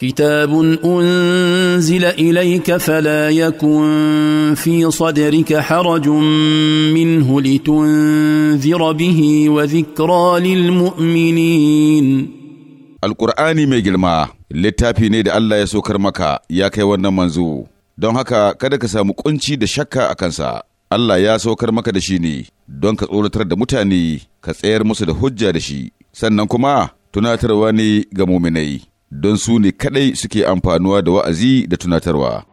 كتاب انزل اليك فلا يكن في صدرك حرج منه لتنذر به وذكرى للمؤمنين القرآن mai girma littafi ne da Allah ya saukar maka ya kai wannan manzo don haka kada ka samu kunci da shakka a kansa Allah ya saukar maka da shi ne don ka tsoratar da mutane ka tsayar musu da hujja da shi sannan kuma tunatarwa ne ga muminai don su ne kaɗai suke amfanuwa da wa'azi da tunatarwa.